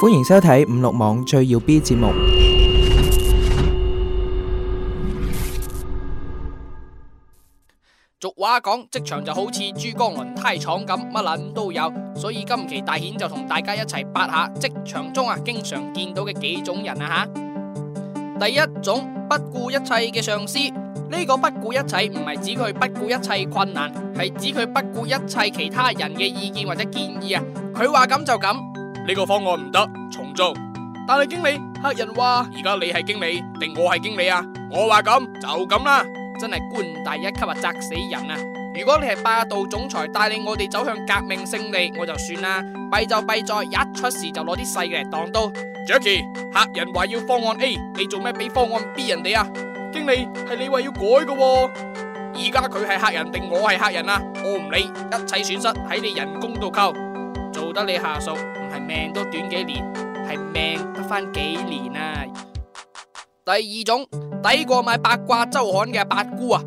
歡迎收睇五六網最耀 B 節目。話講職場就好似珠江輪胎廠咁，乜捻都有，所以今期大顯就同大家一齊八下職場中啊，場中啊經常見到嘅幾種人啊吓。第一種不顧一切嘅上司，呢、呢個不顧一切唔係指佢不顧一切困難，係指佢不顧一切其他人嘅意見或者建議啊。佢話咁就咁，呢個方案唔得，重做。但係經理，客人話而家你係經理定我係經理啊？我話咁就咁啦。真係官大一級啊，砸死人啊！如果你係霸道總裁，帶領我哋走向革命勝利，我就算啦。弊就弊在一出事就攞啲細嘅嚟擋刀。Jackie，客人話要方案 A，你做咩俾方案 B 人哋啊？經理，係你話要改嘅、啊，而家佢係客人定我係客人啊？我唔理，一切損失喺你人工度扣。做得你下屬，唔係命都短幾年，係命得返幾年啊？第二種，抵過買八卦周刊嘅八姑啊。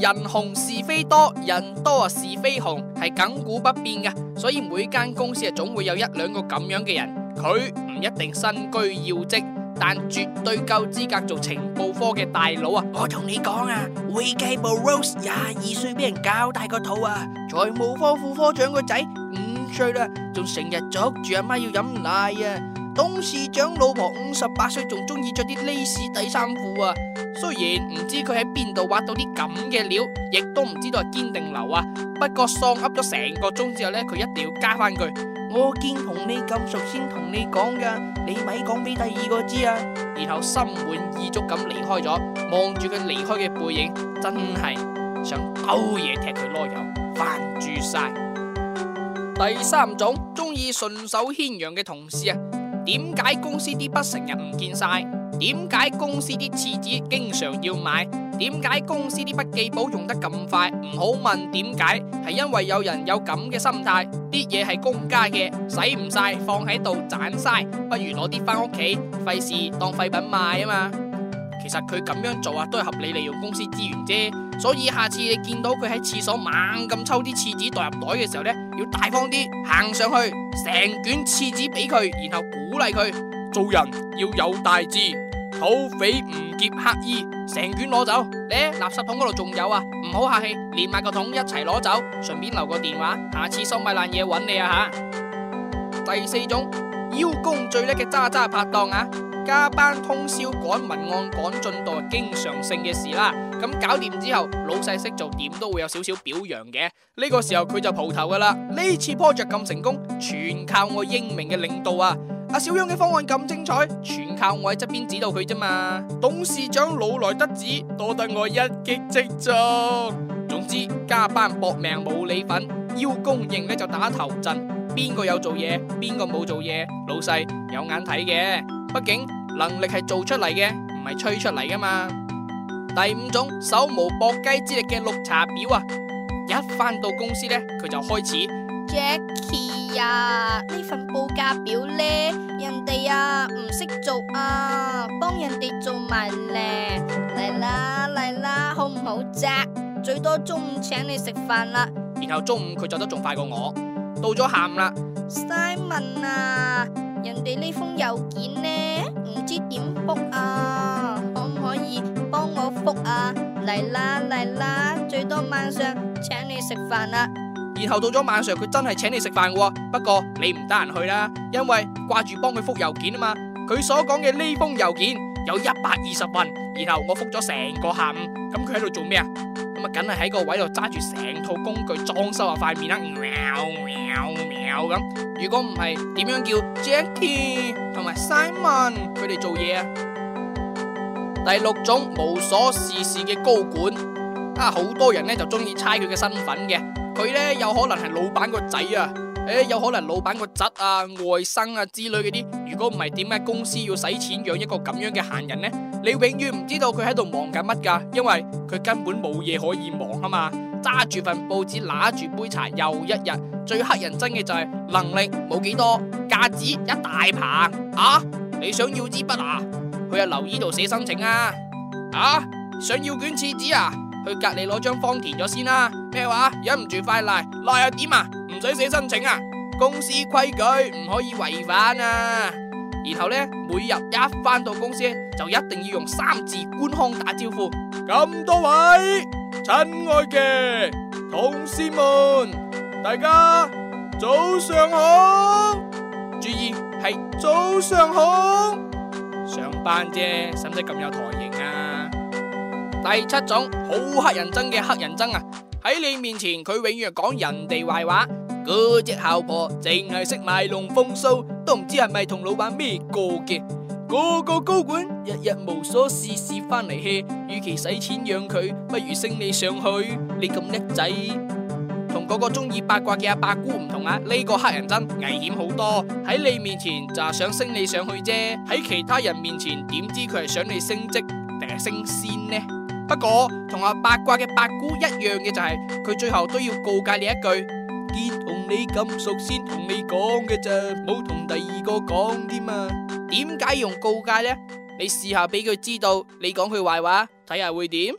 人紅是非多人多啊是非紅係亙古不變嘅，所以每間公司啊總會有一兩個咁樣嘅人，佢唔一定身居要職，但絕對夠資格做情報科嘅大佬啊！我同你講啊，會計部 Rose 廿二歲俾人搞大個肚啊，財務科副科長個仔五歲啦，仲成日捉住阿媽要飲奶啊！董事長老婆五十八歲仲中意着啲蕾絲底衫褲啊！雖然唔知佢喺邊度挖到啲咁嘅料，亦都唔知道係堅定流啊！不過喪噏咗成個鐘之後呢，佢一定要加翻句：我見同你咁熟先同你講噶，你咪講俾第二個知啊！然後心滿意足咁離開咗，望住佢離開嘅背影，真係想斗嘢踢佢囉柚，煩住晒！第三種中意順手牽羊嘅同事啊！點解公司啲筆成日唔見晒？點解公司啲廁紙經常要買？點解公司啲筆記簿用得咁快？唔好問點解，係因為有人有咁嘅心態，啲嘢係公家嘅，使唔晒放喺度盞晒，不如攞啲返屋企，費事當廢品賣啊嘛。其實佢咁樣做啊，都係合理利用公司資源啫。所以下次你見到佢喺廁所猛咁抽啲廁紙袋入袋嘅時候呢，要大方啲行上去，成卷廁紙俾佢，然後鼓勵佢做人要有大志，土匪唔劫黑衣，成卷攞走，呢垃圾桶嗰度仲有啊，唔好客氣，連埋個桶一齊攞走，順便留個電話，下次收埋爛嘢揾你啊吓。第四種邀功最叻嘅渣渣拍檔啊！加班通宵趕文案趕進度係經常性嘅事啦，咁搞掂之後，老細識做點都會有少少表揚嘅。呢、這個時候佢就蒲頭噶啦，呢次 project 咁成功，全靠我英明嘅領導啊！阿小勇嘅方案咁精彩，全靠我喺側邊指導佢啫嘛。董事長老來得子，多得我一擊即中。總之，加班搏命冇你份，邀功認叻就打頭陣。邊個有做嘢，邊個冇做嘢，老細有眼睇嘅。畢竟能力係做出嚟嘅，唔係吹出嚟噶嘛。第五種手無搏雞之力嘅綠茶婊啊，一翻到公司咧，佢就開始，Jackie 啊，呢份報價表咧，人哋啊唔識做啊，幫人哋做埋咧。嚟啦嚟啦，好唔好啫？最多中午請你食飯啦。然後中午佢做得仲快過我，到咗下午啦。Simon 啊！人哋呢封郵件呢，唔知點覆啊，可唔可以幫我覆啊？嚟啦嚟啦，最多晚上請你食飯啦啊。然後到咗晚上，佢真係請你食飯嘅啊，不過你唔得閒去啦，因為掛住幫佢覆郵件啊嘛。佢所講嘅呢封郵件有一百二十份，然後我覆咗成個下午，咁佢喺度做咩啊？咁啊，梗係喺個位度揸住成套工具裝修啊塊面啦，喵喵喵咁。如果唔係，點樣叫 Jackie 同埋 Simon 佢哋做嘢啊？第六種無所事事嘅高管，啊，好多人咧就中意猜佢嘅身份嘅。佢咧有可能係老闆個仔啊。誒、欸，有可能老闆個侄啊、外甥啊之類嗰啲，如果唔係點解公司要使錢養一個咁樣嘅閒人呢？你永遠唔知道佢喺度忙緊乜噶，因為佢根本冇嘢可以忙啊嘛。揸住份報紙，拿住杯茶，又一日。最黑人憎嘅就係能力冇幾多，架子一大棚。啊，你想要支筆啊？佢啊，留呢度寫申請啊。啊，想要卷廁紙啊？去隔籬攞張方填咗先啦、啊。咩話？忍唔住快賴，賴又點啊？唔使寫申請啊！公司規矩唔可以違反啊！然後呢，每日一返到公司就一定要用三字官腔打招呼。咁多位親愛嘅同事們，大家早上好！注意係早上好。上班啫，使唔使咁有台型啊？第七種好黑人憎嘅黑人憎啊！喺你面前佢永遠講人哋壞話。.嗰隻姣婆淨係識賣弄風騷，都唔知係咪同老闆咩過結。個個高管日日無所事事翻嚟 hea，與其使錢養佢，不如升你上去。你咁叻仔，同嗰個中意八卦嘅阿八姑唔同啊！呢個黑人憎危險好多，喺你面前就係想升你上去啫。喺其他人面前，點知佢係想你升職定係升仙呢？不過同阿八卦嘅八姑一樣嘅就係，佢最後都要告誡你一句。你咁熟先同你講嘅咋，冇同第二個講添啊？點解用告誡呢？你試下俾佢知道你講佢壞話，睇下會點？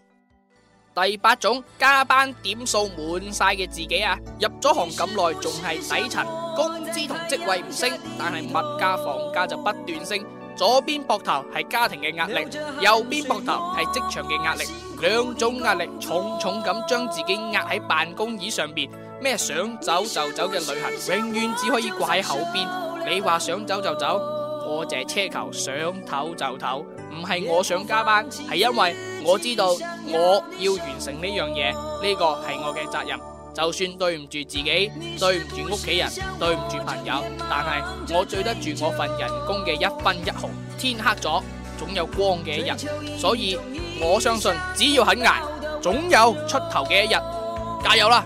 第八種加班點數滿晒嘅自己啊，入咗行咁耐仲係底層，工資同職位唔升，但係物價房價就不斷升。左邊膊頭係家庭嘅壓力，右邊膊頭係職場嘅壓力，兩種壓力重重咁將自己壓喺辦公椅上邊。咩想走就走嘅旅行，永遠只可以掛喺口邊。你話想走就走，我只奢求想唞就唞，唔係我想加班，係因為我知道我要完成呢樣嘢，呢個係我嘅責任。就算對唔住自己，對唔住屋企人，對唔住朋友，但係我對得住我份人工嘅一分一毫。天黑咗，總有光嘅一日，所以我相信只要肯捱，總有出頭嘅一日。加油啦！